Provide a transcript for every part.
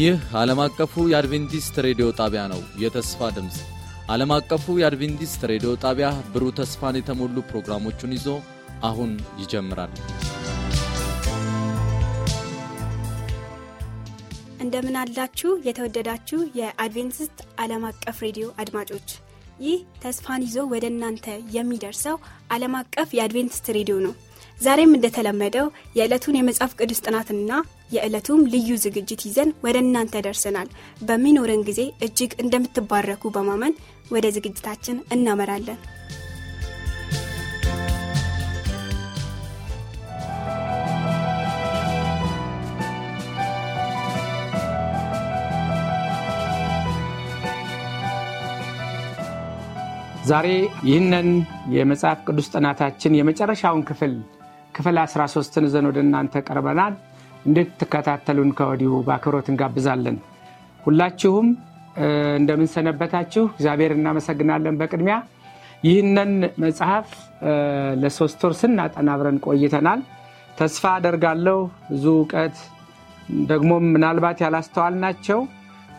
ይህ ዓለም አቀፉ የአድቬንቲስት ሬዲዮ ጣቢያ ነው። የተስፋ ድምፅ ዓለም አቀፉ የአድቬንቲስት ሬዲዮ ጣቢያ ብሩህ ተስፋን የተሞሉ ፕሮግራሞቹን ይዞ አሁን ይጀምራል። እንደምን አላችሁ የተወደዳችሁ የአድቬንቲስት ዓለም አቀፍ ሬዲዮ አድማጮች፣ ይህ ተስፋን ይዞ ወደ እናንተ የሚደርሰው ዓለም አቀፍ የአድቬንቲስት ሬዲዮ ነው። ዛሬም እንደተለመደው የዕለቱን የመጽሐፍ ቅዱስ ጥናትና የዕለቱም ልዩ ዝግጅት ይዘን ወደ እናንተ ደርሰናል። በሚኖረን ጊዜ እጅግ እንደምትባረኩ በማመን ወደ ዝግጅታችን እናመራለን። ዛሬ ይህንን የመጽሐፍ ቅዱስ ጥናታችን የመጨረሻውን ክፍል ክፍል 13ን ዘን ወደ እናንተ ቀርበናል። እንድትከታተሉን ከወዲሁ በአክብሮት እንጋብዛለን። ሁላችሁም እንደምንሰነበታችሁ እግዚአብሔር እናመሰግናለን። በቅድሚያ ይህንን መጽሐፍ ለሶስት ወር ስናጠና አብረን ቆይተናል። ተስፋ አደርጋለሁ ብዙ እውቀት ደግሞም ምናልባት ያላስተዋልናቸው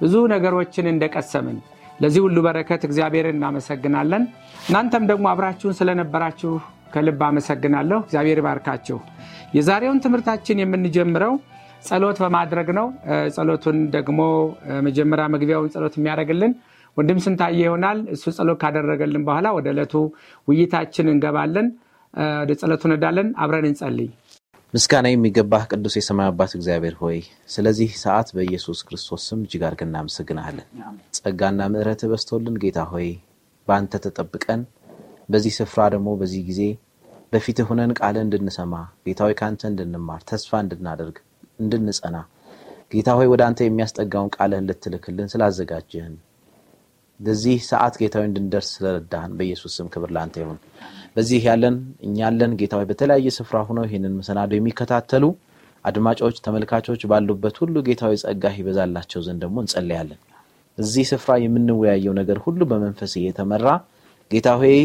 ብዙ ነገሮችን እንደቀሰምን ለዚህ ሁሉ በረከት እግዚአብሔር እናመሰግናለን። እናንተም ደግሞ አብራችሁን ስለነበራችሁ ከልብ አመሰግናለሁ። እግዚአብሔር ባርካችሁ የዛሬውን ትምህርታችን የምንጀምረው ጸሎት በማድረግ ነው። ጸሎቱን ደግሞ መጀመሪያ መግቢያውን ጸሎት የሚያደርግልን ወንድም ስንታየ ይሆናል። እሱ ጸሎት ካደረገልን በኋላ ወደ ዕለቱ ውይይታችን እንገባለን። ወደ ጸሎቱ እንዳለን አብረን እንጸልይ። ምስጋና የሚገባህ ቅዱስ የሰማይ አባት እግዚአብሔር ሆይ ስለዚህ ሰዓት በኢየሱስ ክርስቶስ ስም እጅግ አድርገን እናመሰግናለን። ጸጋና ምዕረት በስቶልን ጌታ ሆይ በአንተ ተጠብቀን በዚህ ስፍራ ደግሞ በዚህ ጊዜ በፊት ሆነን ቃለ እንድንሰማ ጌታ ሆይ ከአንተ እንድንማር ተስፋ እንድናደርግ እንድንጸና ጌታ ሆይ ወደ አንተ የሚያስጠጋውን ቃልህን ልትልክልን ስላዘጋጀህን በዚህ ሰዓት ጌታ ሆይ እንድንደርስ ስለረዳህን በኢየሱስ ስም ክብር ለአንተ ይሁን። በዚህ ያለን እኛለን ጌታ ሆይ በተለያየ ስፍራ ሁነው ይህንን መሰናዶ የሚከታተሉ አድማጮች፣ ተመልካቾች ባሉበት ሁሉ ጌታ ሆይ ጸጋህ ይበዛላቸው ዘንድ ደግሞ እንጸለያለን። እዚህ ስፍራ የምንወያየው ነገር ሁሉ በመንፈስ እየተመራ ጌታ ሆይ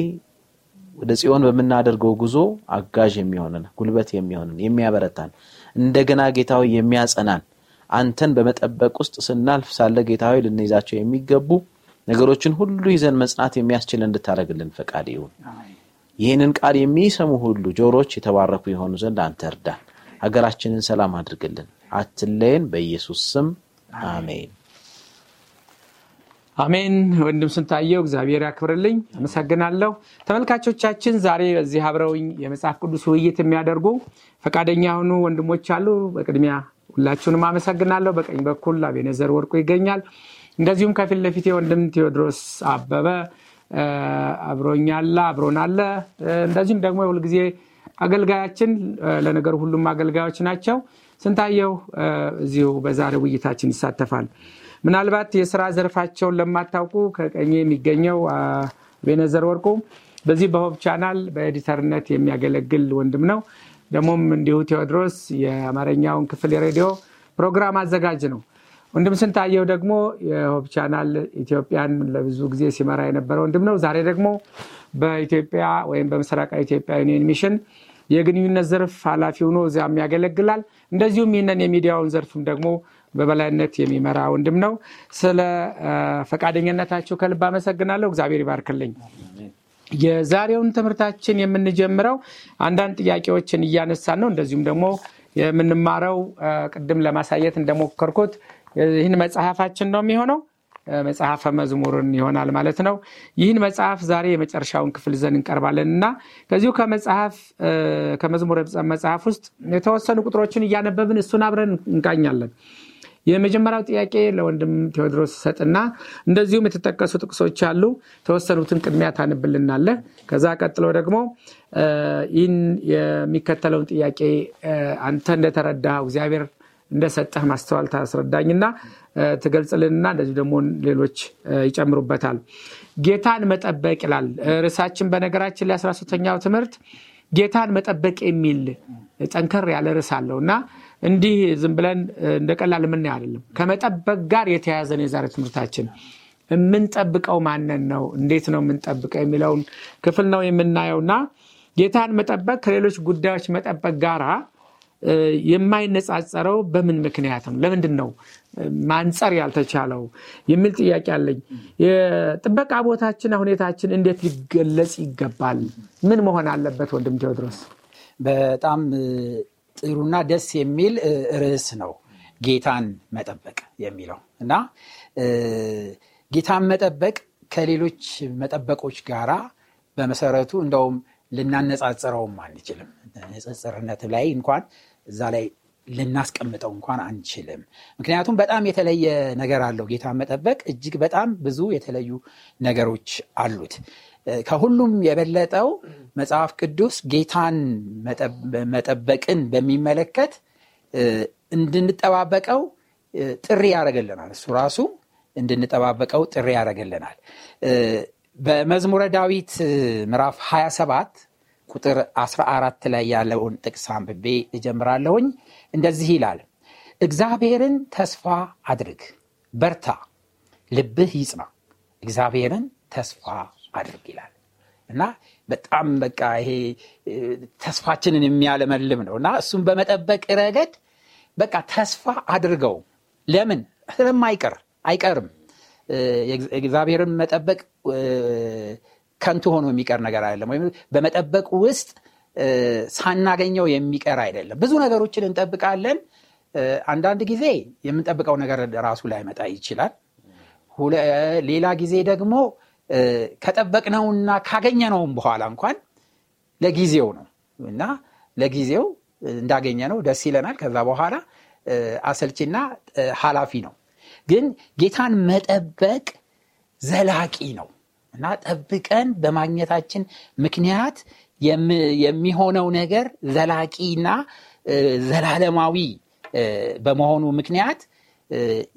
ወደ ጽዮን በምናደርገው ጉዞ አጋዥ የሚሆንን ጉልበት የሚሆንን የሚያበረታን እንደገና ጌታዊ የሚያጸናን አንተን በመጠበቅ ውስጥ ስናልፍ ሳለ ጌታዊ ልንይዛቸው የሚገቡ ነገሮችን ሁሉ ይዘን መጽናት የሚያስችል እንድታደረግልን ፈቃድ ይሁን። ይህንን ቃል የሚሰሙ ሁሉ ጆሮች የተባረኩ የሆኑ ዘንድ አንተ እርዳን። ሀገራችንን ሰላም አድርግልን፣ አትለየን። በኢየሱስ ስም አሜን። አሜን። ወንድም ስንታየው እግዚአብሔር ያክብርልኝ፣ አመሰግናለሁ። ተመልካቾቻችን ዛሬ በዚህ አብረውኝ የመጽሐፍ ቅዱስ ውይይት የሚያደርጉ ፈቃደኛ የሆኑ ወንድሞች አሉ። በቅድሚያ ሁላችሁንም አመሰግናለሁ። በቀኝ በኩል አቤነዘር ወርቁ ይገኛል። እንደዚሁም ከፊት ለፊት ወንድም ቴዎድሮስ አበበ አብሮኛለ አብሮን አለ። እንደዚሁም ደግሞ የሁልጊዜ አገልጋያችን ለነገሩ ሁሉም አገልጋዮች ናቸው። ስንታየው እዚሁ በዛሬ ውይይታችን ይሳተፋል። ምናልባት የስራ ዘርፋቸውን ለማታውቁ ከቀኝ የሚገኘው ቤነዘር ወርቁ በዚህ በሆብ ቻናል በኤዲተርነት የሚያገለግል ወንድም ነው። ደግሞም እንዲሁ ቴዎድሮስ የአማርኛውን ክፍል የሬዲዮ ፕሮግራም አዘጋጅ ነው። ወንድም ስንታየው ደግሞ የሆብ ቻናል ኢትዮጵያን ለብዙ ጊዜ ሲመራ የነበረ ወንድም ነው። ዛሬ ደግሞ በኢትዮጵያ ወይም በምስራቃ ኢትዮጵያ ዩኒየን ሚሽን የግንኙነት ዘርፍ ሀላፊ ሆኖ እዚያም ያገለግላል። እንደዚሁም ይህንን የሚዲያውን ዘርፍም ደግሞ በበላይነት የሚመራ ወንድም ነው። ስለ ፈቃደኝነታችሁ ከልብ አመሰግናለሁ። እግዚአብሔር ይባርክልኝ። የዛሬውን ትምህርታችን የምንጀምረው አንዳንድ ጥያቄዎችን እያነሳን ነው። እንደዚሁም ደግሞ የምንማረው ቅድም ለማሳየት እንደሞከርኩት ይህን መጽሐፋችን ነው የሚሆነው መጽሐፈ መዝሙርን ይሆናል ማለት ነው። ይህን መጽሐፍ ዛሬ የመጨረሻውን ክፍል ዘን እንቀርባለን እና ከዚሁ ከመጽሐፍ ከመዝሙር መጽሐፍ ውስጥ የተወሰኑ ቁጥሮችን እያነበብን እሱን አብረን እንቃኛለን። የመጀመሪያው ጥያቄ ለወንድም ቴዎድሮስ ሰጥና እንደዚሁም የተጠቀሱ ጥቅሶች አሉ። የተወሰኑትን ቅድሚያ ታንብልናለህ። ከዛ ቀጥሎ ደግሞ ይህን የሚከተለውን ጥያቄ አንተ እንደተረዳ እግዚአብሔር እንደሰጠህ ማስተዋል ታስረዳኝና ትገልጽልንና እንደዚሁ ደግሞ ሌሎች ይጨምሩበታል። ጌታን መጠበቅ ይላል ርዕሳችን። በነገራችን ላይ አስራ ሶስተኛው ትምህርት ጌታን መጠበቅ የሚል ጠንከር ያለ ርዕስ አለው እና እንዲህ ዝም ብለን እንደ ቀላል የምናየው አይደለም። ከመጠበቅ ጋር የተያያዘ ነው የዛሬ ትምህርታችን። የምንጠብቀው ማንን ነው? እንዴት ነው የምንጠብቀው? የሚለውን ክፍል ነው የምናየው እና ጌታን መጠበቅ ከሌሎች ጉዳዮች መጠበቅ ጋራ የማይነጻጸረው በምን ምክንያት ነው? ለምንድን ነው ማንጸር ያልተቻለው የሚል ጥያቄ አለኝ። የጥበቃ ቦታችን ሁኔታችን እንዴት ሊገለጽ ይገባል? ምን መሆን አለበት? ወንድም ቴዎድሮስ በጣም ጥሩና ደስ የሚል ርዕስ ነው ጌታን መጠበቅ የሚለው እና ጌታን መጠበቅ ከሌሎች መጠበቆች ጋራ በመሰረቱ እንደውም ልናነጻጽረውም አንችልም። ንጽጽርነት ላይ እንኳን እዛ ላይ ልናስቀምጠው እንኳን አንችልም። ምክንያቱም በጣም የተለየ ነገር አለው። ጌታን መጠበቅ እጅግ በጣም ብዙ የተለዩ ነገሮች አሉት። ከሁሉም የበለጠው መጽሐፍ ቅዱስ ጌታን መጠበቅን በሚመለከት እንድንጠባበቀው ጥሪ ያደረገልናል። እሱ ራሱ እንድንጠባበቀው ጥሪ ያደረገልናል። በመዝሙረ ዳዊት ምዕራፍ 27 ቁጥር 14 ላይ ያለውን ጥቅስ አንብቤ እጀምራለሁኝ። እንደዚህ ይላል፣ እግዚአብሔርን ተስፋ አድርግ፣ በርታ፣ ልብህ ይጽና፣ እግዚአብሔርን ተስፋ አድርግ ይላል እና በጣም በቃ ይሄ ተስፋችንን የሚያለመልም ነው እና እሱም በመጠበቅ ረገድ በቃ ተስፋ አድርገው ለምን ስለማይቀር አይቀርም እግዚአብሔርን መጠበቅ ከንቱ ሆኖ የሚቀር ነገር አይደለም ወይም በመጠበቅ ውስጥ ሳናገኘው የሚቀር አይደለም ብዙ ነገሮችን እንጠብቃለን አንዳንድ ጊዜ የምንጠብቀው ነገር ራሱ ላይመጣ ይችላል ሌላ ጊዜ ደግሞ ከጠበቅነውና ካገኘነውም በኋላ እንኳን ለጊዜው ነው እና ለጊዜው እንዳገኘነው ደስ ይለናል። ከዛ በኋላ አሰልችና ሀላፊ ነው። ግን ጌታን መጠበቅ ዘላቂ ነው እና ጠብቀን በማግኘታችን ምክንያት የሚሆነው ነገር ዘላቂና ዘላለማዊ በመሆኑ ምክንያት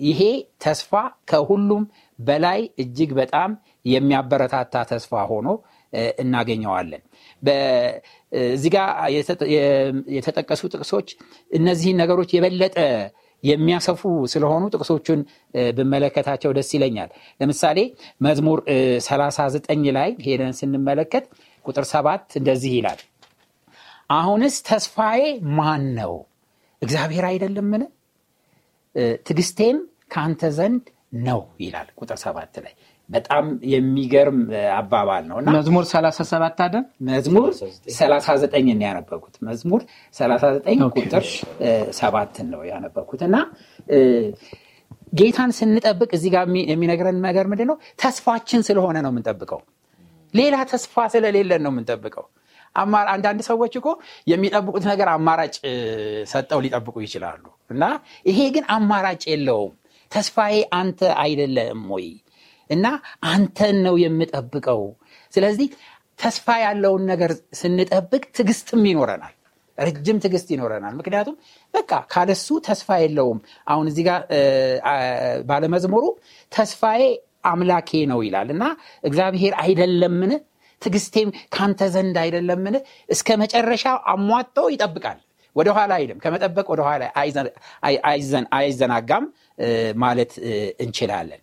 ይሄ ተስፋ ከሁሉም በላይ እጅግ በጣም የሚያበረታታ ተስፋ ሆኖ እናገኘዋለን። እዚህ ጋ የተጠቀሱ ጥቅሶች እነዚህን ነገሮች የበለጠ የሚያሰፉ ስለሆኑ ጥቅሶቹን ብመለከታቸው ደስ ይለኛል። ለምሳሌ መዝሙር 39 ላይ ሄደን ስንመለከት ቁጥር ሰባት እንደዚህ ይላል፣ አሁንስ ተስፋዬ ማን ነው? እግዚአብሔር አይደለምን? ትግስቴም ከአንተ ዘንድ ነው ይላል ቁጥር ሰባት ላይ በጣም የሚገርም አባባል ነው መዝሙር 37 አደ መዝሙር 39 ነው ያነበኩት መዝሙር 39 ቁጥር ሰባትን ነው ያነበኩት እና ጌታን ስንጠብቅ እዚህ ጋር የሚነግረን ነገር ምንድነው ተስፋችን ስለሆነ ነው የምንጠብቀው ሌላ ተስፋ ስለሌለን ነው የምንጠብቀው አንዳንድ ሰዎች እኮ የሚጠብቁት ነገር አማራጭ ሰጠው ሊጠብቁ ይችላሉ እና ይሄ ግን አማራጭ የለውም ተስፋዬ አንተ አይደለም ወይ እና አንተን ነው የምጠብቀው ስለዚህ ተስፋ ያለውን ነገር ስንጠብቅ ትግስትም ይኖረናል ረጅም ትግስት ይኖረናል ምክንያቱም በቃ ካለሱ ተስፋ የለውም አሁን እዚህ ጋር ባለመዝሙሩ ተስፋዬ አምላኬ ነው ይላል እና እግዚአብሔር አይደለምን ትግስቴም ካንተ ዘንድ አይደለምን? እስከ መጨረሻ አሟጦ ይጠብቃል። ወደኋላ አይልም። ከመጠበቅ ወደኋላ አይዘናጋም ማለት እንችላለን።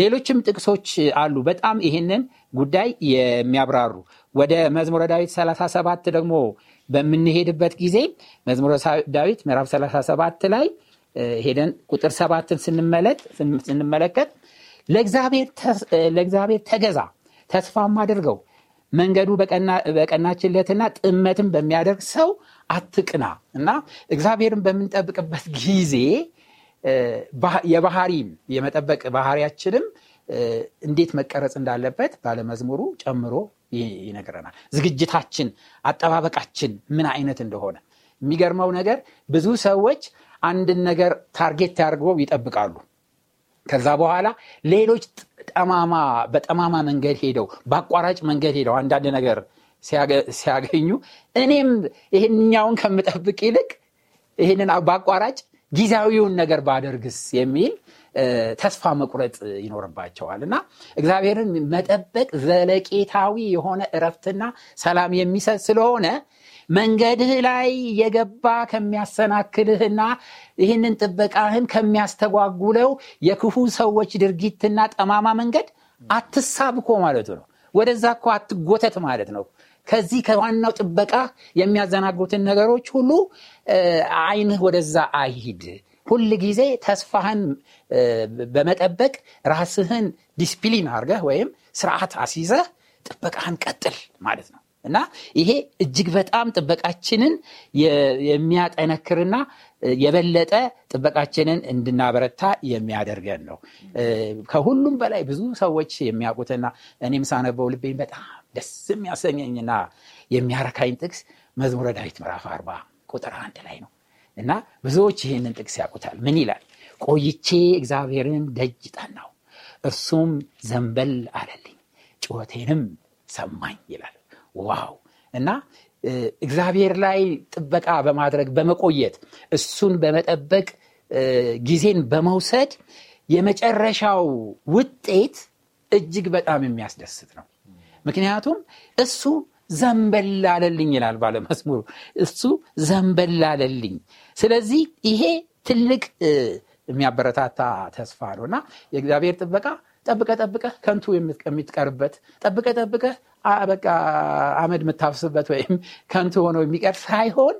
ሌሎችም ጥቅሶች አሉ በጣም ይህንን ጉዳይ የሚያብራሩ ወደ መዝሙረ ዳዊት 37 ደግሞ በምንሄድበት ጊዜ መዝሙረ ዳዊት ምዕራፍ 37 ላይ ሄደን ቁጥር ሰባትን ስንመለከት ለእግዚአብሔር ተገዛ ተስፋ አድርገው መንገዱ በቀናችለትና ጥመትን በሚያደርግ ሰው አትቅና እና እግዚአብሔርን በምንጠብቅበት ጊዜ የባህሪም የመጠበቅ ባህሪያችንም እንዴት መቀረጽ እንዳለበት ባለመዝሙሩ ጨምሮ ይነግረናል። ዝግጅታችን፣ አጠባበቃችን ምን አይነት እንደሆነ የሚገርመው ነገር ብዙ ሰዎች አንድን ነገር ታርጌት ያደርገው ይጠብቃሉ። ከዛ በኋላ ሌሎች ጠማማ በጠማማ መንገድ ሄደው በአቋራጭ መንገድ ሄደው አንዳንድ ነገር ሲያገኙ እኔም ይህኛውን ከምጠብቅ ይልቅ ይህንን በአቋራጭ ጊዜያዊውን ነገር ባደርግስ የሚል ተስፋ መቁረጥ ይኖርባቸዋል እና እግዚአብሔርን መጠበቅ ዘለቄታዊ የሆነ እረፍትና ሰላም የሚሰጥ ስለሆነ መንገድህ ላይ የገባ ከሚያሰናክልህና ይህንን ጥበቃህን ከሚያስተጓጉለው የክፉ ሰዎች ድርጊትና ጠማማ መንገድ አትሳብ ማለቱ ነው። ወደዛ እኮ አትጎተት ማለት ነው። ከዚህ ከዋናው ጥበቃ የሚያዘናጉትን ነገሮች ሁሉ አይንህ ወደዛ አይሂድ። ሁል ጊዜ ተስፋህን በመጠበቅ ራስህን ዲስፕሊን አርገህ ወይም ስርዓት አስይዘህ ጥበቃህን ቀጥል ማለት ነው። እና ይሄ እጅግ በጣም ጥበቃችንን የሚያጠነክርና የበለጠ ጥበቃችንን እንድናበረታ የሚያደርገን ነው። ከሁሉም በላይ ብዙ ሰዎች የሚያውቁትና እኔም ሳነበው ልቤኝ በጣም ደስ የሚያሰኘኝና የሚያረካኝ ጥቅስ መዝሙረ ዳዊት ምዕራፍ አርባ ቁጥር አንድ ላይ ነው እና ብዙዎች ይህንን ጥቅስ ያውቁታል። ምን ይላል? ቆይቼ እግዚአብሔርን ደጅ ጠናው፣ እርሱም ዘንበል አለልኝ፣ ጩኸቴንም ሰማኝ ይላል። ዋው እና እግዚአብሔር ላይ ጥበቃ በማድረግ በመቆየት እሱን በመጠበቅ ጊዜን በመውሰድ የመጨረሻው ውጤት እጅግ በጣም የሚያስደስት ነው ምክንያቱም እሱ ዘንበል አለልኝ ይላል ባለመስሙሩ እሱ ዘንበል አለልኝ ስለዚህ ይሄ ትልቅ የሚያበረታታ ተስፋ ነው እና የእግዚአብሔር ጥበቃ ጠብቀ ጠብቀ ከንቱ የሚትቀርበት ጠብቀ ጠብቀ በቃ አመድ የምታፍስበት ወይም ከንቱ ሆኖ የሚቀር ሳይሆን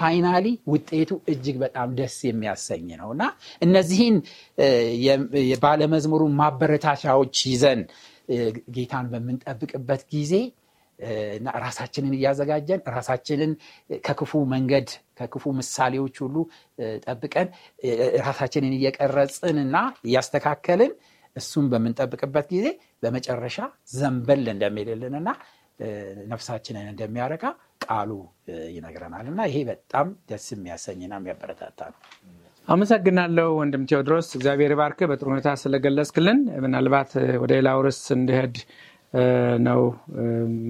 ፋይናሊ ውጤቱ እጅግ በጣም ደስ የሚያሰኝ ነው እና እነዚህን ባለመዝሙሩ ማበረታቻዎች ይዘን ጌታን በምንጠብቅበት ጊዜ እና ራሳችንን እያዘጋጀን ራሳችንን ከክፉ መንገድ ከክፉ ምሳሌዎች ሁሉ ጠብቀን ራሳችንን እየቀረጽን እና እያስተካከልን እሱን በምንጠብቅበት ጊዜ በመጨረሻ ዘንበል እንደሚልልንና ነፍሳችንን እንደሚያረካ ቃሉ ይነግረናል እና ይሄ በጣም ደስ የሚያሰኝና የሚያበረታታ ነው። አመሰግናለሁ ወንድም ቴዎድሮስ፣ እግዚአብሔር ባርክ በጥሩ ሁኔታ ስለገለጽክልን። ምናልባት ወደ ሌላ ርስ እንድሄድ ነው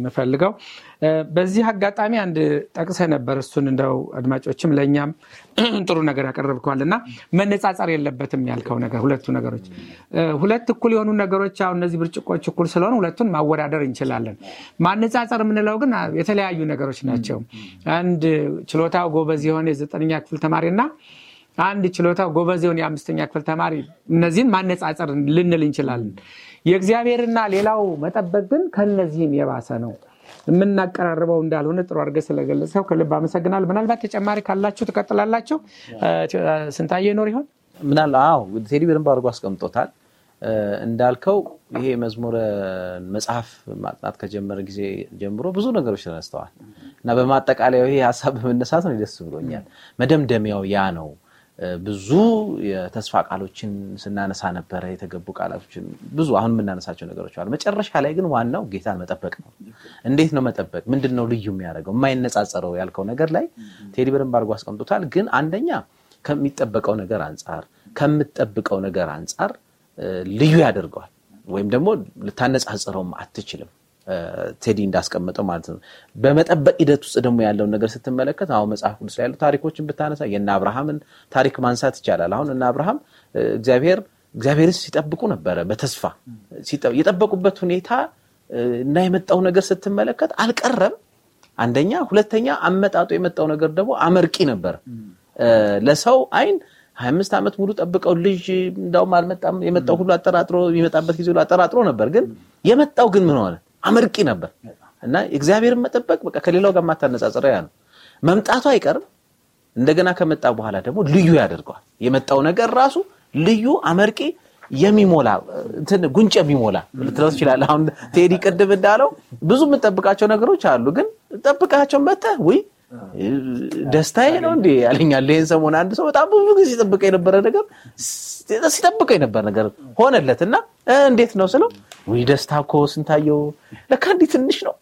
የምፈልገው። በዚህ አጋጣሚ አንድ ጠቅሰ ነበር። እሱን እንደው አድማጮችም ለእኛም ጥሩ ነገር ያቀረብከዋል እና መነጻጸር የለበትም ያልከው ነገር ሁለቱ ነገሮች ሁለት እኩል የሆኑ ነገሮች አሁን እነዚህ ብርጭቆች እኩል ስለሆኑ ሁለቱን ማወዳደር እንችላለን። ማነጻጸር የምንለው ግን የተለያዩ ነገሮች ናቸው። አንድ ችሎታው ጎበዝ የሆነ የዘጠነኛ ክፍል ተማሪ እና አንድ ችሎታው ጎበዝ የሆነ የአምስተኛ ክፍል ተማሪ እነዚህን ማነጻጸር ልንል እንችላለን። የእግዚአብሔርና ሌላው መጠበቅ ግን ከነዚህም የባሰ ነው። የምናቀራርበው እንዳልሆነ ጥሩ አድርገህ ስለገለጽከው ከልብ አመሰግናል። ምናልባት ተጨማሪ ካላችሁ ትቀጥላላችሁ። ስንታየ ይኖር ይሆን? ምናል አዎ፣ ቴዲ በደንብ አድርጎ አስቀምጦታል። እንዳልከው ይሄ መዝሙረ መጽሐፍ ማጥናት ከጀመረ ጊዜ ጀምሮ ብዙ ነገሮች ተነስተዋል እና በማጠቃለያው ይሄ ሀሳብ በመነሳት ነው ደስ ብሎኛል። መደምደሚያው ያ ነው ብዙ የተስፋ ቃሎችን ስናነሳ ነበረ። የተገቡ ቃላቶችን ብዙ አሁን የምናነሳቸው ነገሮች አሉ። መጨረሻ ላይ ግን ዋናው ጌታን መጠበቅ ነው። እንዴት ነው መጠበቅ? ምንድን ነው ልዩ የሚያደርገው? የማይነጻጸረው ያልከው ነገር ላይ ቴዲ በደንብ አድርጎ አስቀምጦታል። ግን አንደኛ ከሚጠበቀው ነገር አንጻር ከምጠብቀው ነገር አንጻር ልዩ ያደርገዋል ወይም ደግሞ ልታነጻጽረውም አትችልም። ቴዲ እንዳስቀመጠው ማለት ነው። በመጠበቅ ሂደት ውስጥ ደግሞ ያለውን ነገር ስትመለከት አሁን መጽሐፍ ቅዱስ ላይ ያሉ ታሪኮችን ብታነሳ የእነ አብርሃምን ታሪክ ማንሳት ይቻላል። አሁን እነ አብርሃም እግዚአብሔር እግዚአብሔርን ሲጠብቁ ነበረ በተስፋ የጠበቁበት ሁኔታ እና የመጣው ነገር ስትመለከት አልቀረም። አንደኛ፣ ሁለተኛ አመጣጡ የመጣው ነገር ደግሞ አመርቂ ነበር ለሰው አይን ሀያ አምስት ዓመት ሙሉ ጠብቀው ልጅ እንዳውም አልመጣም። የመጣው ሁሉ አጠራጥሮ የሚመጣበት ጊዜ ሁሉ አጠራጥሮ ነበር። ግን የመጣው ግን ምን ሆነ? አመርቂ ነበር እና እግዚአብሔርን መጠበቅ በቃ ከሌላው ጋር ማታነጻጽረው ያ ነው። መምጣቱ አይቀርም። እንደገና ከመጣ በኋላ ደግሞ ልዩ ያደርገዋል። የመጣው ነገር ራሱ ልዩ አመርቂ የሚሞላ እንትን ጉንጭ የሚሞላ ልትለው ትችላለህ። አሁን ቴዲ ቅድም እንዳለው ብዙ የምንጠብቃቸው ነገሮች አሉ፣ ግን ጠብቃቸው መጥተህ ውይ ደስታዬ ነው እንዴ ያለኛል። ይህን ሰሞን አንድ ሰው በጣም ብዙ ጊዜ ሲጠብቀ የነበረ ነገር ሲጠብቀ የነበረ ነገር ሆነለት እና እንዴት ነው ስለው ውይ ደስታ እኮ ስንታየው ለካ እንዲህ ትንሽ ነው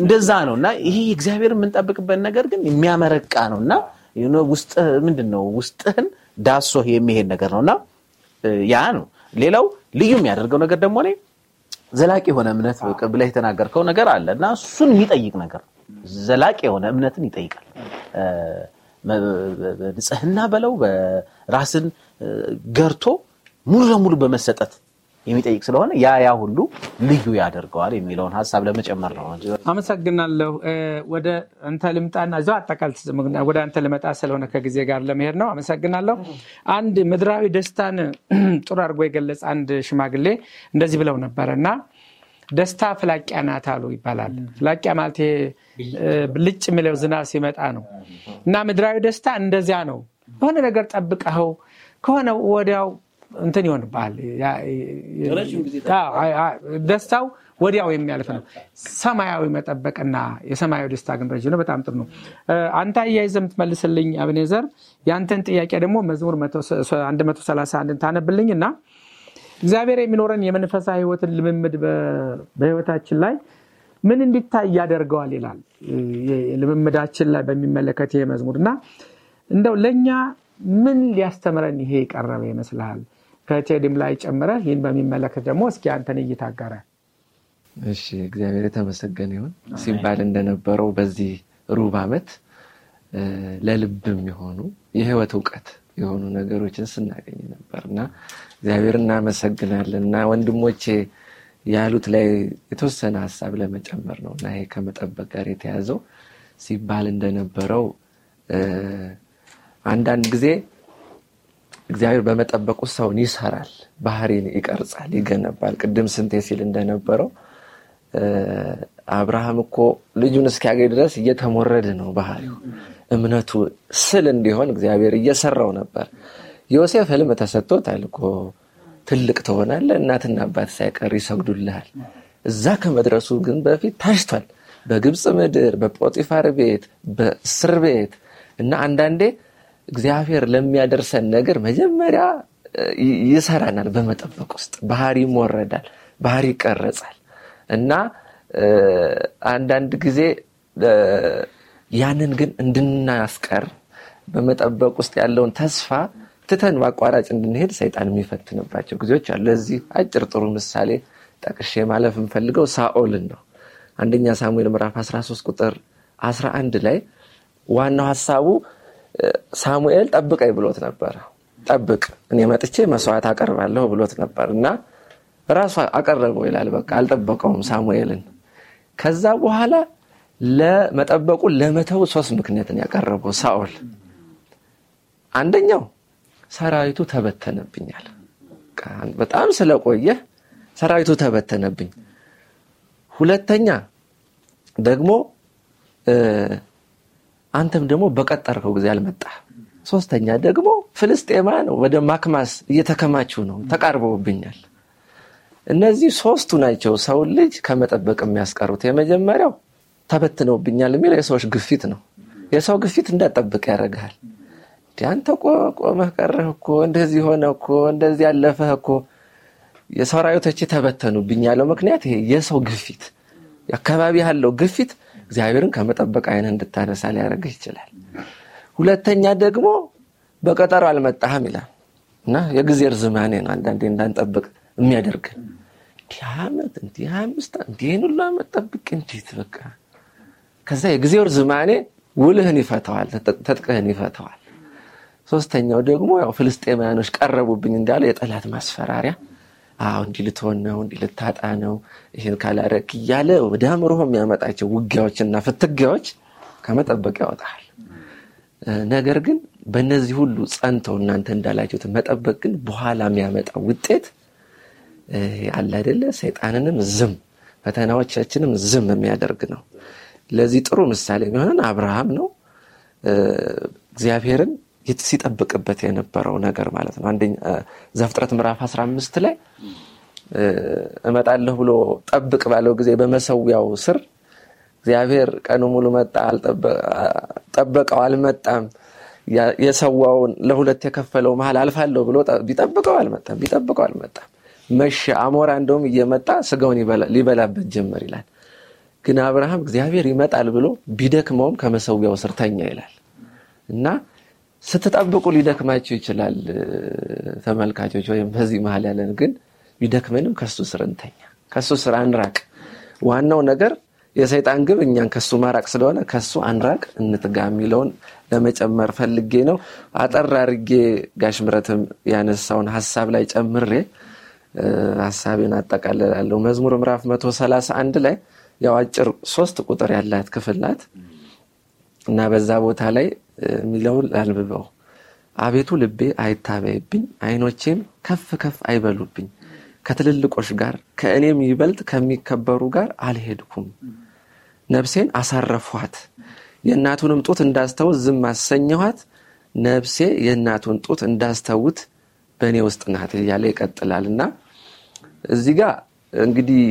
እንደዛ ነው። እና ይሄ እግዚአብሔር የምንጠብቅበት ነገር ግን የሚያመረቃ ነው እና ውስጥ ምንድን ነው ውስጥህን ዳሶ የሚሄድ ነገር ነው እና ያ ነው። ሌላው ልዩ የሚያደርገው ነገር ደግሞ እኔ ዘላቂ የሆነ እምነት ብለህ የተናገርከው ነገር አለ እና እሱን የሚጠይቅ ነገር ዘላቂ የሆነ እምነትን ይጠይቃል። ንጽህና በለው በራስን ገርቶ ሙሉ ለሙሉ በመሰጠት የሚጠይቅ ስለሆነ ያ ያ ሁሉ ልዩ ያደርገዋል የሚለውን ሀሳብ ለመጨመር ነው። አመሰግናለሁ። ወደ አንተ ልምጣና እዛው አጠቃል ወደ አንተ ልመጣ ስለሆነ ከጊዜ ጋር ለመሄድ ነው። አመሰግናለሁ። አንድ ምድራዊ ደስታን ጥሩ አድርጎ የገለጸ አንድ ሽማግሌ እንደዚህ ብለው ነበረ እና ደስታ ፍላቂያ ናት አሉ ይባላል። ፍላቂያ ማለት ልጭ የሚለው ዝናብ ሲመጣ ነው እና ምድራዊ ደስታ እንደዚያ ነው። የሆነ ነገር ጠብቀኸው ከሆነ ወዲያው እንትን ይሆንባል ደስታው ወዲያው የሚያልፍ ነው። ሰማያዊ መጠበቅና የሰማያዊ ደስታ ግን ረጅም ነው። በጣም ጥሩ ነው። አንተ አያይዘ የምትመልስልኝ አብኔዘር፣ ያንተን ጥያቄ ደግሞ መዝሙር 131 ታነብልኝ እና እግዚአብሔር የሚኖረን የመንፈሳዊ ህይወትን ልምምድ በህይወታችን ላይ ምን እንዲታይ ያደርገዋል ይላል ልምምዳችን ላይ በሚመለከት ይሄ መዝሙር እና እንደው ለእኛ ምን ሊያስተምረን ይሄ የቀረበ ይመስልሃል? ከቴድም ላይ ጨምረ ይህን በሚመለከት ደግሞ እስኪ አንተን እይታ እሺ እግዚአብሔር የተመሰገን ይሁን። ሲባል እንደነበረው በዚህ ሩብ ዓመት ለልብም የሆኑ የህይወት እውቀት የሆኑ ነገሮችን ስናገኝ ነበር እና እግዚአብሔር እናመሰግናለን እና ወንድሞቼ ያሉት ላይ የተወሰነ ሀሳብ ለመጨመር ነው እና ይሄ ከመጠበቅ ጋር የተያዘው ሲባል እንደነበረው አንዳንድ ጊዜ እግዚአብሔር በመጠበቁ ሰውን ይሰራል፣ ባህሪን ይቀርጻል፣ ይገነባል። ቅድም ስንቴ ሲል እንደነበረው አብርሃም እኮ ልጁን እስኪያገኝ ድረስ እየተሞረድ ነው ባህሪው። እምነቱ ስል እንዲሆን እግዚአብሔር እየሰራው ነበር። ዮሴፍ ህልም ተሰጥቶታል እኮ ትልቅ ትሆናለህ፣ እናትና አባት ሳይቀር ይሰግዱልሃል። እዛ ከመድረሱ ግን በፊት ታሽቷል። በግብፅ ምድር፣ በጶጢፋር ቤት፣ በእስር ቤት እና አንዳንዴ እግዚአብሔር ለሚያደርሰን ነገር መጀመሪያ ይሰራናል። በመጠበቅ ውስጥ ባህር ይሞረዳል፣ ባህር ይቀረጻል እና አንዳንድ ጊዜ ያንን ግን እንድናስቀር በመጠበቅ ውስጥ ያለውን ተስፋ ትተን በአቋራጭ እንድንሄድ ሰይጣን የሚፈትንባቸው ጊዜዎች አሉ። ለዚህ አጭር ጥሩ ምሳሌ ጠቅሼ ማለፍ የምፈልገው ሳኦልን ነው። አንደኛ ሳሙኤል ምዕራፍ 13 ቁጥር 11 ላይ ዋናው ሀሳቡ ሳሙኤል ጠብቀኝ ብሎት ነበረ። ጠብቅ እኔ መጥቼ መስዋዕት አቀርባለሁ ብሎት ነበር እና ራሱ አቀረበው ይላል። በቃ አልጠበቀውም ሳሙኤልን። ከዛ በኋላ ለመጠበቁ ለመተው ሶስት ምክንያትን ያቀረበው ሳኦል፣ አንደኛው ሰራዊቱ ተበተነብኛል፣ በጣም ስለቆየ ሰራዊቱ ተበተነብኝ። ሁለተኛ ደግሞ አንተም ደግሞ በቀጠርከው ጊዜ አልመጣ። ሶስተኛ ደግሞ ፍልስጤማ ነው ወደ ማክማስ እየተከማቹ ነው፣ ተቃርበውብኛል። እነዚህ ሶስቱ ናቸው ሰውን ልጅ ከመጠበቅ የሚያስቀሩት። የመጀመሪያው ተበትነውብኛል የሚለው የሰዎች ግፊት ነው። የሰው ግፊት እንዳጠብቅ ያደርግሃል። አንተ ቆመህ ቀረህ እኮ እንደዚህ ሆነ እኮ እንደዚህ ያለፈህ እኮ። የሰራዊቶቼ ተበተኑብኝ ያለው ምክንያት ይሄ የሰው ግፊት፣ አካባቢ ያለው ግፊት እግዚአብሔርን ከመጠበቅ አይነ እንድታነሳ ሊያደርግህ ይችላል። ሁለተኛ ደግሞ በቀጠሮ አልመጣህም ይላል እና የጊዜ ነው አንዳንዴ እንዳንጠብቅ የሚያደርግን እንዲህ ዓመት እንዲህ አምስት እንዲህን ሁሉ ዓመት ጠብቅ እንዴት በቃ ከዛ የጊዜው ርዝማኔ ውልህን ይፈተዋል፣ ተጥቅህን ይፈተዋል። ሶስተኛው ደግሞ ያው ፍልስጤማያኖች ቀረቡብኝ እንዳለ የጠላት ማስፈራሪያ አሁ እንዲህ ልትሆን ነው፣ እንዲህ ልታጣ ነው፣ ይህን ካላረክ እያለ ወደ አእምሮህ የሚያመጣቸው ውጊያዎችና ፍትጊያዎች ከመጠበቅ ያወጣል። ነገር ግን በእነዚህ ሁሉ ጸንተው እናንተ እንዳላችሁት መጠበቅ ግን በኋላ የሚያመጣው ውጤት አለ አይደለ? ሰይጣንንም ዝም ፈተናዎቻችንም ዝም የሚያደርግ ነው። ለዚህ ጥሩ ምሳሌ የሚሆነን አብርሃም ነው። እግዚአብሔርን ሲጠብቅበት የነበረው ነገር ማለት ነው። አንደኛ ዘፍጥረት ምዕራፍ 15 ላይ እመጣለሁ ብሎ ጠብቅ ባለው ጊዜ በመሰዊያው ስር እግዚአብሔር ቀኑ ሙሉ መጣ፣ ጠበቀው፣ አልመጣም። የሰዋውን ለሁለት የከፈለው መሀል አልፋለሁ ብሎ ቢጠብቀው አልመጣም፣ ቢጠብቀው አልመጣም። መሸ፣ አሞራ እንደውም እየመጣ ስጋውን ሊበላበት ጀመር ይላል። ግን አብርሃም እግዚአብሔር ይመጣል ብሎ ቢደክመውም ከመሰዊያው ስር ተኛ ይላል እና ስትጠብቁ ሊደክማችሁ ይችላል ተመልካቾች፣ ወይም በዚህ መሀል ያለን ግን ቢደክመንም ከሱ ስር እንተኛ፣ ከሱ ስር አንራቅ። ዋናው ነገር የሰይጣን ግብ እኛን ከሱ ማራቅ ስለሆነ ከሱ አንራቅ፣ እንትጋ የሚለውን ለመጨመር ፈልጌ ነው። አጠር አድርጌ ጋሽ ምረትም ያነሳውን ሀሳብ ላይ ጨምሬ ሀሳቤን አጠቃልላለሁ። መዝሙር ምዕራፍ መቶ ሰላሳ አንድ ላይ ያው አጭር ሶስት ቁጥር ያላት ክፍል ናት። እና በዛ ቦታ ላይ የሚለው ላንብበው። አቤቱ ልቤ አይታበይብኝ፣ አይኖቼም ከፍ ከፍ አይበሉብኝ። ከትልልቆች ጋር ከእኔም ይበልጥ ከሚከበሩ ጋር አልሄድኩም። ነፍሴን አሳረፏት፣ የእናቱንም ጡት እንዳስተውት ዝም አሰኘኋት። ነፍሴ የእናቱን ጡት እንዳስተውት በእኔ ውስጥ ናት እያለ ይቀጥላል እና እዚህ ጋር እንግዲህ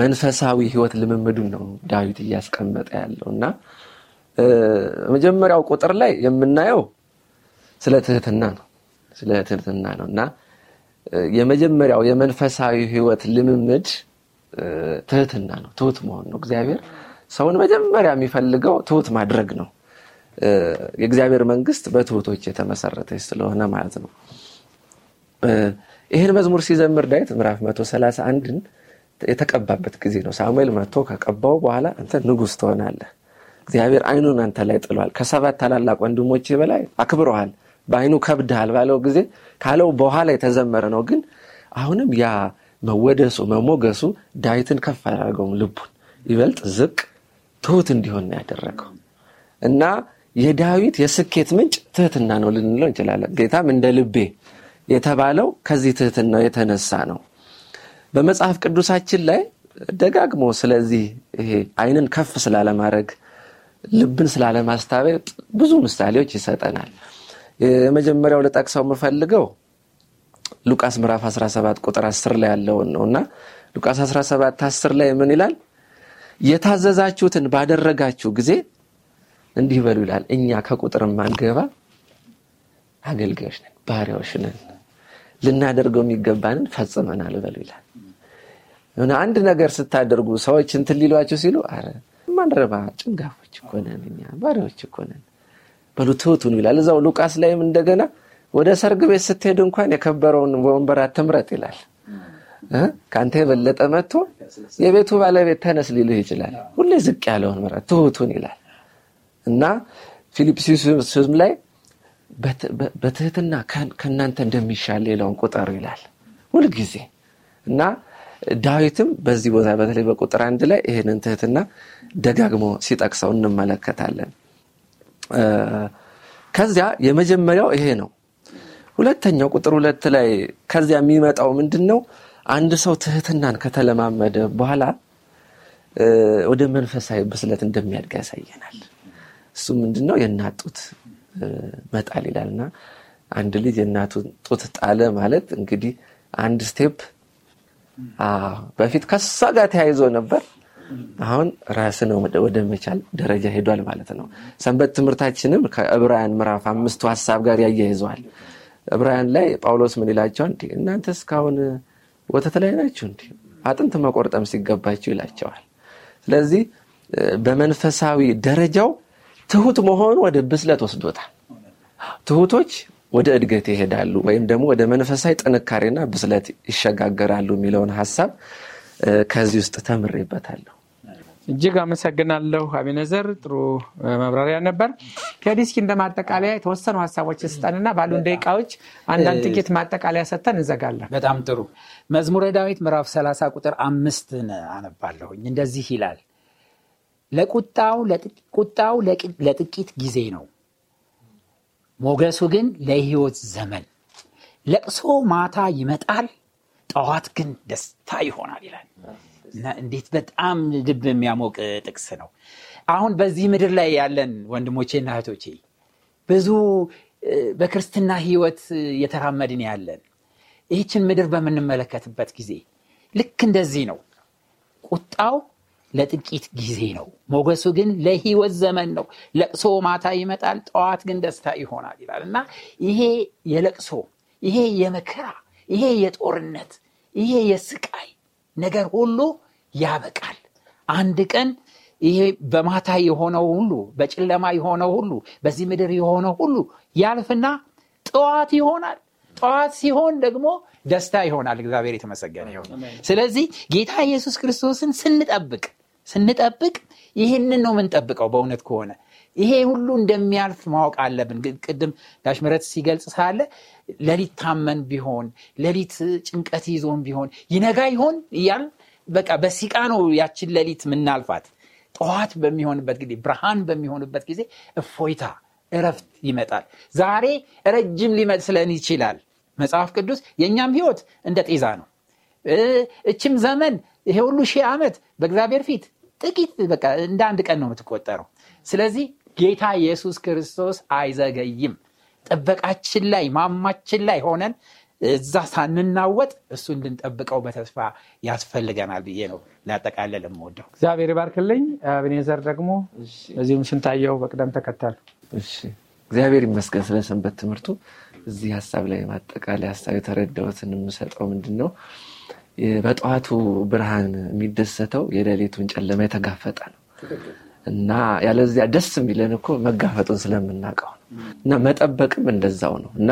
መንፈሳዊ ሕይወት ልምምዱን ነው ዳዊት እያስቀመጠ ያለው እና መጀመሪያው ቁጥር ላይ የምናየው ስለ ትህትና ነው። ስለ ትህትና ነው እና የመጀመሪያው የመንፈሳዊ ህይወት ልምምድ ትህትና ነው። ትሁት መሆን ነው። እግዚአብሔር ሰውን መጀመሪያ የሚፈልገው ትሁት ማድረግ ነው። የእግዚአብሔር መንግስት በትሁቶች የተመሰረተች ስለሆነ ማለት ነው። ይህን መዝሙር ሲዘምር ዳዊት ምዕራፍ መቶ ሰላሳ አንድን የተቀባበት ጊዜ ነው። ሳሙኤል መቶ ከቀባው በኋላ አንተ ንጉስ ትሆናለህ እግዚአብሔር አይኑን አንተ ላይ ጥሏል። ከሰባት ታላላቅ ወንድሞች በላይ አክብረሃል፣ በአይኑ ከብድሃል ባለው ጊዜ ካለው በኋላ የተዘመረ ነው። ግን አሁንም ያ መወደሱ መሞገሱ ዳዊትን ከፍ አላደረገውም። ልቡን ይበልጥ ዝቅ ትሁት እንዲሆን ነው ያደረገው እና የዳዊት የስኬት ምንጭ ትህትና ነው ልንለው እንችላለን። ጌታም እንደ ልቤ የተባለው ከዚህ ትህትና የተነሳ ነው። በመጽሐፍ ቅዱሳችን ላይ ደጋግሞ ስለዚህ ይሄ አይንን ከፍ ስላለማድረግ ልብን ስላለማስታበጥ ብዙ ምሳሌዎች ይሰጠናል። የመጀመሪያው ልጠቅሰው የምፈልገው ሉቃስ ምዕራፍ 17 ቁጥር 10 ላይ ያለውን ነው እና ሉቃስ 17 10 ላይ ምን ይላል? የታዘዛችሁትን ባደረጋችሁ ጊዜ እንዲህ በሉ ይላል፣ እኛ ከቁጥር ማንገባ አገልጋዮች ነን፣ ባሪያዎች ነን፣ ልናደርገው የሚገባንን ፈጽመናል በሉ ይላል። አንድ ነገር ስታደርጉ ሰዎች እንትን ሊሏችሁ ሲሉ ማንረባ ጭንጋፍ ባሪያዎች እኮ ነን እኛ ባሪያዎች እኮ ነን በሉ ትሑቱን ይላል እዛው ሉቃስ ላይም እንደገና ወደ ሰርግ ቤት ስትሄድ እንኳን የከበረውን ወንበር አትምረጥ ይላል ከአንተ የበለጠ መጥቶ የቤቱ ባለቤት ተነስ ሊልህ ይችላል ሁሌ ዝቅ ያለውን ምረጥ ትሁቱን ይላል እና ፊልጵስዩስም ላይ በትህትና ከእናንተ እንደሚሻል ሌላውን ቁጠሩ ይላል ሁልጊዜ እና ዳዊትም በዚህ ቦታ በተለይ በቁጥር አንድ ላይ ይህንን ትህትና ደጋግሞ ሲጠቅሰው እንመለከታለን። ከዚያ የመጀመሪያው ይሄ ነው። ሁለተኛው ቁጥር ሁለት ላይ ከዚያ የሚመጣው ምንድን ነው? አንድ ሰው ትህትናን ከተለማመደ በኋላ ወደ መንፈሳዊ ብስለት እንደሚያድግ ያሳየናል። እሱ ምንድን ነው? የእናት ጡት መጣል ይላልና አንድ ልጅ የእናቱን ጡት ጣለ ማለት እንግዲህ አንድ ስቴፕ በፊት ከሳ ጋር ተያይዞ ነበር። አሁን ራስን ወደ መቻል ደረጃ ሄዷል ማለት ነው። ሰንበት ትምህርታችንም ከዕብራውያን ምራፍ አምስቱ ሀሳብ ጋር ያያይዘዋል። ዕብራውያን ላይ ጳውሎስ ምን ይላቸው እንዲህ እናንተ እስካሁን ወተት ላይ ናችሁ፣ እንዲ አጥንት መቆርጠም ሲገባችሁ ይላቸዋል። ስለዚህ በመንፈሳዊ ደረጃው ትሁት መሆኑ ወደ ብስለት ወስዶታል። ትሁቶች ወደ እድገት ይሄዳሉ ወይም ደግሞ ወደ መንፈሳዊ ጥንካሬና ብስለት ይሸጋገራሉ የሚለውን ሀሳብ ከዚህ ውስጥ ተምሬበታለሁ። እጅግ አመሰግናለሁ አቢነዘር ጥሩ መብራሪያ ነበር። ከዲስኪ እንደ ማጠቃለያ የተወሰኑ ሀሳቦች ስጠንና ባሉን ደቂቃዎች አንዳንድ ጥቂት ማጠቃለያ ሰጥተን እንዘጋለን። በጣም ጥሩ። መዝሙረ ዳዊት ምዕራፍ 30 ቁጥር አምስት አነባለሁኝ። እንደዚህ ይላል፣ ለቁጣው ለጥቂት ጊዜ ነው ሞገሱ ግን ለህይወት ዘመን ለቅሶ ማታ ይመጣል፣ ጠዋት ግን ደስታ ይሆናል ይላል እና እንዴት በጣም ልብ የሚያሞቅ ጥቅስ ነው። አሁን በዚህ ምድር ላይ ያለን ወንድሞቼና እህቶቼ ብዙ በክርስትና ህይወት የተራመድን ያለን ይህችን ምድር በምንመለከትበት ጊዜ ልክ እንደዚህ ነው። ቁጣው ለጥቂት ጊዜ ነው። ሞገሱ ግን ለህይወት ዘመን ነው። ለቅሶ ማታ ይመጣል፣ ጠዋት ግን ደስታ ይሆናል ይላል እና ይሄ የለቅሶ ይሄ የመከራ ይሄ የጦርነት ይሄ የስቃይ ነገር ሁሉ ያበቃል። አንድ ቀን ይሄ በማታ የሆነው ሁሉ በጨለማ የሆነው ሁሉ በዚህ ምድር የሆነው ሁሉ ያልፍና ጠዋት ይሆናል። ጠዋት ሲሆን ደግሞ ደስታ ይሆናል። እግዚአብሔር የተመሰገነ ስለዚህ ጌታ ኢየሱስ ክርስቶስን ስንጠብቅ ስንጠብቅ ይህንን ነው የምንጠብቀው በእውነት ከሆነ ይሄ ሁሉ እንደሚያልፍ ማወቅ አለብን ቅድም ዳሽ ሲገልጽ ሳለ ለሊት ታመን ቢሆን ለሊት ጭንቀት ይዞን ቢሆን ይነጋ ይሆን እያል በቃ በሲቃ ነው ያችን ለሊት ምናልፋት ጠዋት በሚሆንበት ጊዜ ብርሃን በሚሆንበት ጊዜ እፎይታ እረፍት ይመጣል ዛሬ ረጅም ሊመስለን ይችላል መጽሐፍ ቅዱስ የእኛም ህይወት እንደ ጤዛ ነው እችም ዘመን ይሄ ሁሉ ሺህ ዓመት በእግዚአብሔር ፊት ጥቂት በቃ እንደ አንድ ቀን ነው የምትቆጠረው። ስለዚህ ጌታ ኢየሱስ ክርስቶስ አይዘገይም። ጥበቃችን ላይ ማማችን ላይ ሆነን እዛ ሳንናወጥ እሱ እንድንጠብቀው በተስፋ ያስፈልገናል ብዬ ነው ላጠቃለል የምወደው። እግዚአብሔር ይባርክልኝ። አብኔዘር ደግሞ እዚሁም ስንታየው በቅደም ተከተሉ። እግዚአብሔር ይመስገን ስለ ሰንበት ትምህርቱ እዚህ ሀሳብ ላይ ማጠቃለ ሀሳብ የተረዳሁትን የምሰጠው ምንድን ነው በጠዋቱ ብርሃን የሚደሰተው የሌሊቱን ጨለማ የተጋፈጠ ነው እና ያለዚያ ደስ የሚለን እኮ መጋፈጡን ስለምናውቀው ነው። እና መጠበቅም እንደዛው ነው እና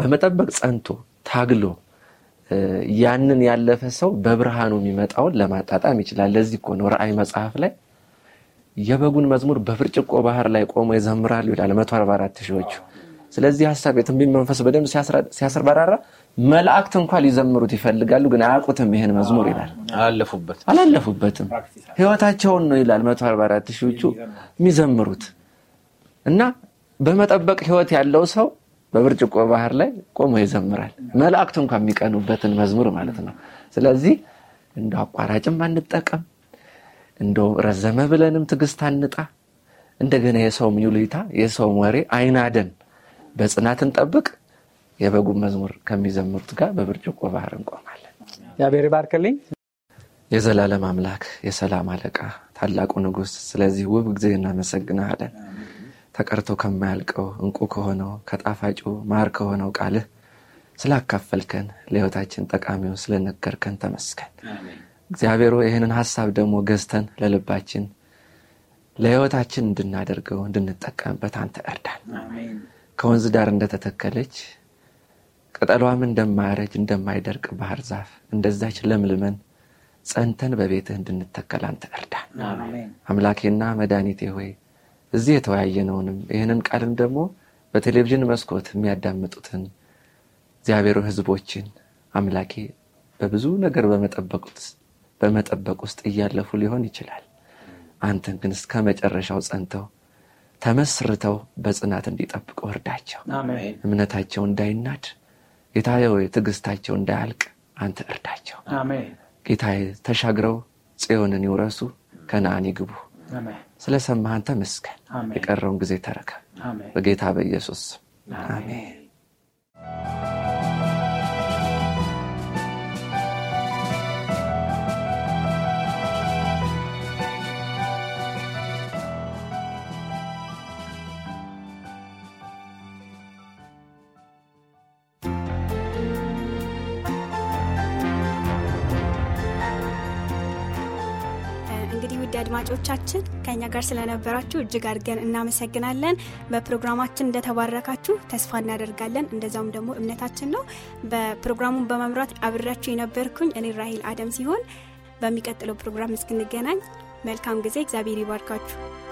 በመጠበቅ ጸንቶ ታግሎ ያንን ያለፈ ሰው በብርሃኑ የሚመጣውን ለማጣጣም ይችላል። ለዚህ እኮ ነው ራእይ መጽሐፍ ላይ የበጉን መዝሙር በብርጭቆ ባህር ላይ ቆሞ ይዘምራሉ ይላል። መቶ አርባ አራት ሺዎቹ ስለዚህ ሀሳብ የትንቢት መንፈስ በደንብ ሲያስርባራራ መላእክት እንኳን ሊዘምሩት ይፈልጋሉ፣ ግን አያውቁትም። ይህን መዝሙር ይላል አላለፉበትም። ህይወታቸውን ነው ይላል 144 ሺዎቹ የሚዘምሩት እና በመጠበቅ ህይወት ያለው ሰው በብርጭቆ ባህር ላይ ቆሞ ይዘምራል። መልአክት እንኳን የሚቀኑበትን መዝሙር ማለት ነው። ስለዚህ እንደ አቋራጭም አንጠቀም፣ እንደ ረዘመ ብለንም ትግስት አንጣ። እንደገና የሰውም ዩልታ የሰውም ወሬ አይናደን። በጽናትን ጠብቅ የበጉ መዝሙር ከሚዘምሩት ጋር በብርጭቆ ባህር እንቆማለን። እግዚአብሔር ይባርክልኝ። የዘላለም አምላክ የሰላም አለቃ ታላቁ ንጉስ ስለዚህ ውብ ጊዜ እናመሰግናለን። ተቀርቶ ከማያልቀው እንቁ ከሆነው ከጣፋጩ ማር ከሆነው ቃልህ ስላካፈልከን ለህይወታችን ጠቃሚውን ስለነገርከን ተመስገን። እግዚአብሔሩ ይህንን ሀሳብ ደግሞ ገዝተን ለልባችን ለህይወታችን እንድናደርገው እንድንጠቀምበት አንተ እርዳን። ከወንዝ ዳር እንደተተከለች ቅጠሏም እንደማያረጅ እንደማይደርቅ ባህር ዛፍ እንደዛች ለምልመን ጸንተን በቤትህ እንድንተከል አንተ እርዳ አምላኬና መድኃኒቴ ሆይ እዚህ የተወያየነውንም ይህንን ቃልም ደግሞ በቴሌቪዥን መስኮት የሚያዳምጡትን እግዚአብሔር ህዝቦችን አምላኬ በብዙ ነገር በመጠበቅ ውስጥ እያለፉ ሊሆን ይችላል። አንተን ግን እስከ መጨረሻው ጸንተው ተመስርተው በጽናት እንዲጠብቁ እርዳቸው። እምነታቸው እንዳይናድ ጌታ ትዕግስታቸው እንዳያልቅ አንተ እርዳቸው ጌታ ተሻግረው ጽዮንን ይውረሱ፣ ከነአን ይግቡ። አንተ መስገን የቀረውን ጊዜ ተረከብ። በጌታ በኢየሱስ አሜን። እንግዲህ ውድ አድማጮቻችን ከእኛ ጋር ስለነበራችሁ እጅግ አድርገን እናመሰግናለን። በፕሮግራማችን እንደተባረካችሁ ተስፋ እናደርጋለን። እንደዛውም ደግሞ እምነታችን ነው። በፕሮግራሙን በመምራት አብሬያችሁ የነበርኩኝ እኔ ራሂል አደም ሲሆን በሚቀጥለው ፕሮግራም እስክንገናኝ መልካም ጊዜ፣ እግዚአብሔር ይባርካችሁ።